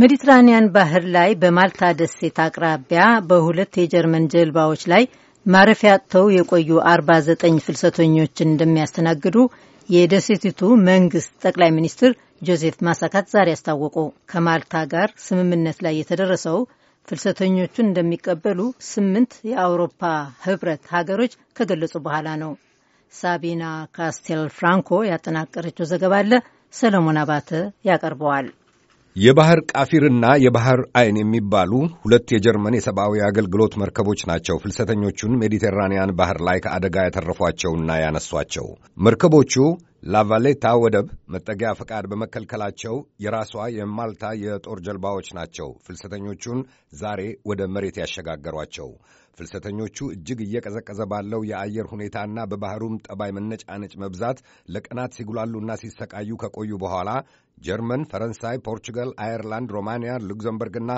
ሜዲትራኒያን ባህር ላይ በማልታ ደሴት አቅራቢያ በሁለት የጀርመን ጀልባዎች ላይ ማረፊያ አጥተው የቆዩ 49 ፍልሰተኞችን እንደሚያስተናግዱ የደሴቲቱ መንግስት ጠቅላይ ሚኒስትር ጆዜፍ ማሳካት ዛሬ አስታወቁ። ከማልታ ጋር ስምምነት ላይ የተደረሰው ፍልሰተኞቹን እንደሚቀበሉ ስምንት የአውሮፓ ህብረት ሀገሮች ከገለጹ በኋላ ነው። ሳቢና ካስቴል ፍራንኮ ያጠናቀረችው ዘገባ አለ። ሰለሞን አባተ ያቀርበዋል። የባህር ቃፊርና የባህር አይን የሚባሉ ሁለት የጀርመን የሰብአዊ አገልግሎት መርከቦች ናቸው ፍልሰተኞቹን ሜዲቴራንያን ባህር ላይ ከአደጋ ያተረፏቸውና ያነሷቸው። መርከቦቹ ላቫሌታ ወደብ መጠጊያ ፈቃድ በመከልከላቸው የራሷ የማልታ የጦር ጀልባዎች ናቸው ፍልሰተኞቹን ዛሬ ወደ መሬት ያሸጋገሯቸው። ፍልሰተኞቹ እጅግ እየቀዘቀዘ ባለው የአየር ሁኔታና በባህሩም ጠባይ መነጫነጭ መብዛት ለቀናት ሲጉላሉና ሲሰቃዩ ከቆዩ በኋላ ጀርመን፣ ፈረንሳይ፣ ፖርቹጋል፣ አየርላንድ፣ ሮማንያ፣ ሉክዘምበርግና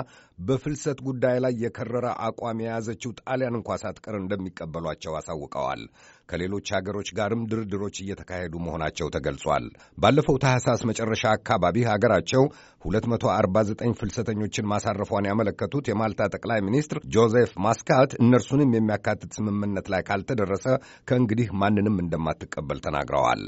በፍልሰት ጉዳይ ላይ የከረረ አቋም የያዘችው ጣሊያን እንኳ ሳትቀር እንደሚቀበሏቸው አሳውቀዋል። ከሌሎች አገሮች ጋርም ድርድሮች እየተካሄዱ መሆናቸው መሆናቸው ተገልጿል። ባለፈው ታህሳስ መጨረሻ አካባቢ ሀገራቸው 249 ፍልሰተኞችን ማሳረፏን ያመለከቱት የማልታ ጠቅላይ ሚኒስትር ጆዜፍ ማስካት እነርሱንም የሚያካትት ስምምነት ላይ ካልተደረሰ ከእንግዲህ ማንንም እንደማትቀበል ተናግረዋል።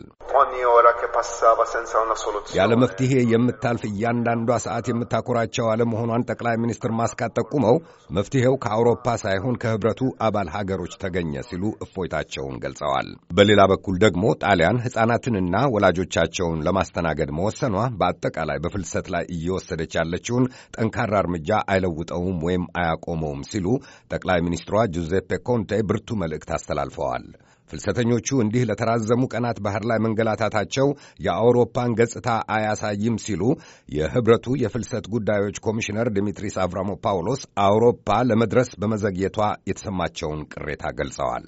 ያለ መፍትሄ የምታልፍ እያንዳንዷ ሰዓት የምታኮራቸው አለመሆኗን ጠቅላይ ሚኒስትር ማስካት ጠቁመው መፍትሄው ከአውሮፓ ሳይሆን ከህብረቱ አባል ሀገሮች ተገኘ ሲሉ እፎይታቸውን ገልጸዋል። በሌላ በኩል ደግሞ ጣሊያን ሕፃናትንና ወላጆቻቸውን ለማስተናገድ መወሰኗ በአጠቃላይ በፍልሰት ላይ እየወሰደች ያለችውን ጠንካራ እርምጃ አይለውጠውም ወይም አያቆመውም ሲሉ ጠቅላይ ሚኒስትሯ ጁዜፔ ኮንቴ ብርቱ መልእክት አስተላልፈዋል። ፍልሰተኞቹ እንዲህ ለተራዘሙ ቀናት ባህር ላይ መንገላታታቸው የአውሮፓን ገጽታ አያሳይም ሲሉ የህብረቱ የፍልሰት ጉዳዮች ኮሚሽነር ዲሚትሪስ ፓውሎስ አውሮፓ ለመድረስ በመዘግየቷ የተሰማቸውን ቅሬታ ገልጸዋል።